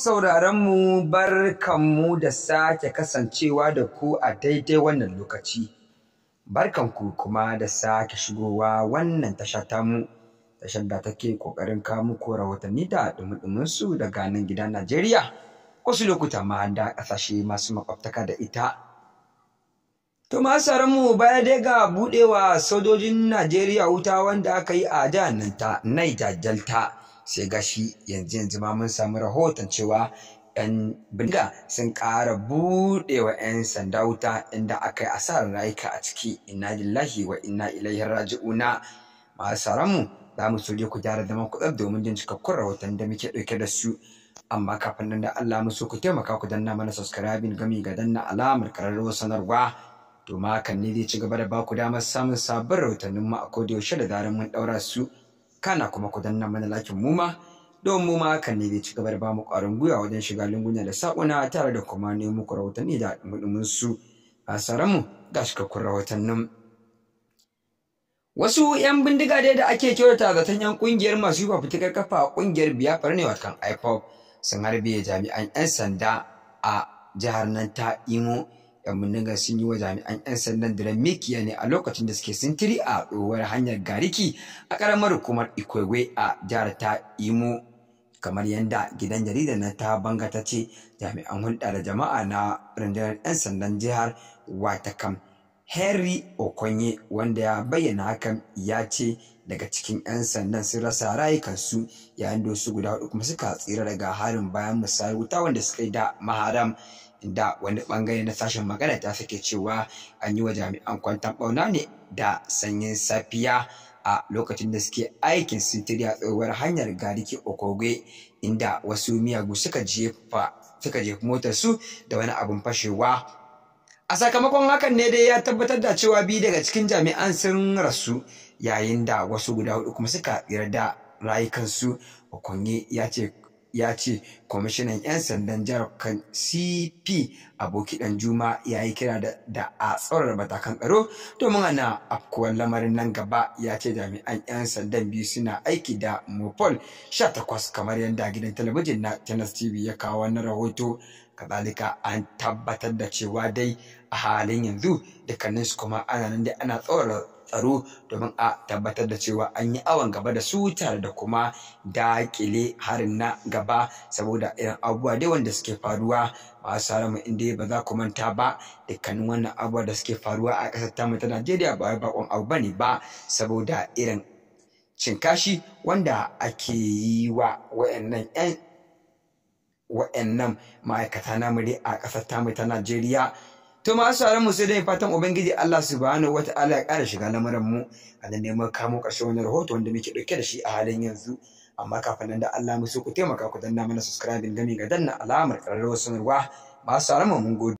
Mu sauraronmu barkanmu da sake kasancewa da ku a daidai wannan lokaci. Barkanku kuma da sake shigowa wannan tasha tamu, tashar da take ƙoƙarin kawo muku rahotanni da ɗumuɗuminsu daga nan gidan Najeriya, wasu lokuta ma da ƙasashe masu makwabtaka da ita. To mu baya dai ga buɗewa sojojin Najeriya wuta wanda aka yi a jihar nan ta Niger Delta. sai gashi yanzu yanzu ma mun samu rahoton cewa 'yan bindiga sun ƙara buɗewa 'yan sanda wuta inda aka yi asarar rayuka a ciki inna lillahi wa inna ilaihi raji'una masu sauranmu za mu soje ku gyara zaman kuɗar domin jin cikakkun rahoton da muke ɗauke da su amma kafin nan da Allah so ku taimaka ku danna mana subscribing gami ga danna alamar kararrawar sanarwa to ma hakan ne zai ci da ba damar samun sabbin rahotannin mu a koda yaushe da zarar mun ɗaura su kana kuma ku danna mana lakin mu ma don mu ma hakan ne zai ci gaba da bamu ƙwarin gwiwa wajen shiga lunguna da saƙuna tare da kuma ne muku rahotanni da mudumin su a mu ga cikakkun rahotannin. Wasu 'yan bindiga dai da ake kyautata zaton 'yan ƙungiyar masu ba fitikar kafa a ƙungiyar biyafar ne kan IPOP sun harbe jami'an 'yan sanda a jihar nan ta Imo. yamunninga sun yi wa jami'an 'yan sandan da mikiya ne a lokacin da suke sintiri a ɗowar hanyar gariki a ƙaramar hukumar ikwegwe a jihar ta imo kamar yadda gidan jaridar na ta banga ta ce jami'an hulɗa da jama'a na rundunar 'yan sandan jihar watakam henry okonye wanda ya bayyana hakan ya ce daga cikin 'yan sandan sun rasa rayukansu yayin da wasu guda hudu kuma suka tsira daga harin bayan musayar wuta wanda suka yi da maharam inda wani bangare na sashen magana ta suke cewa an yi wa jami'an kwantan bauna ne da sanyin safiya a lokacin da suke aikin sintiri a tsohuwar hanyar gariki okogwe, inda wasu miyagu suka jefa suka jefa motar su da wani abin fashewa a sakamakon hakan ne dai ya tabbatar da cewa biyu daga cikin jami'an sun rasu yayin da wasu guda hudu kuma suka yarda rayukansu okonye ya ce ya ce kwamishinan 'yan sandan jihar kan cp aboki dan juma ya yi kira da a tsaurara matakan tsaro domin ana afkuwar lamarin nan gaba ya ce jami'an 'yan sandan biyu suna aiki da mopol 18 kamar yadda gidan talabijin na channels tv ya kawo wannan rahoto kazalika an tabbatar da cewa dai a halin yanzu dukkanin su kuma ana nan dai ana tsawar tsaro domin a tabbatar da cewa an yi awon gaba da su tare da kuma dakile harin na gaba saboda irin abubuwa dai wanda suke faruwa masu haramu inda ba za ku manta ba dukkanin wannan abubuwa da suke faruwa a ƙasar tamu ta Najeriya ba wai bakon abu bane ba saboda irin cinkashi wanda ake yi wa wayannan 'yan wa'annan ma'aikata na a ƙasar tamu ta Najeriya. To masu sauran mu sai dai fatan Ubangiji Allah subhanahu wa ta'ala ya ƙara shiga lamarin mu a da neman mun kamo ƙarshen wannan rahoto wanda muke ɗauke da shi a halin yanzu. Amma kafin nan da Allah mu so ku taimaka ku danna mana subscribing gami ga danna alamar ƙararrawar sanarwa masu sauran mu mun gode.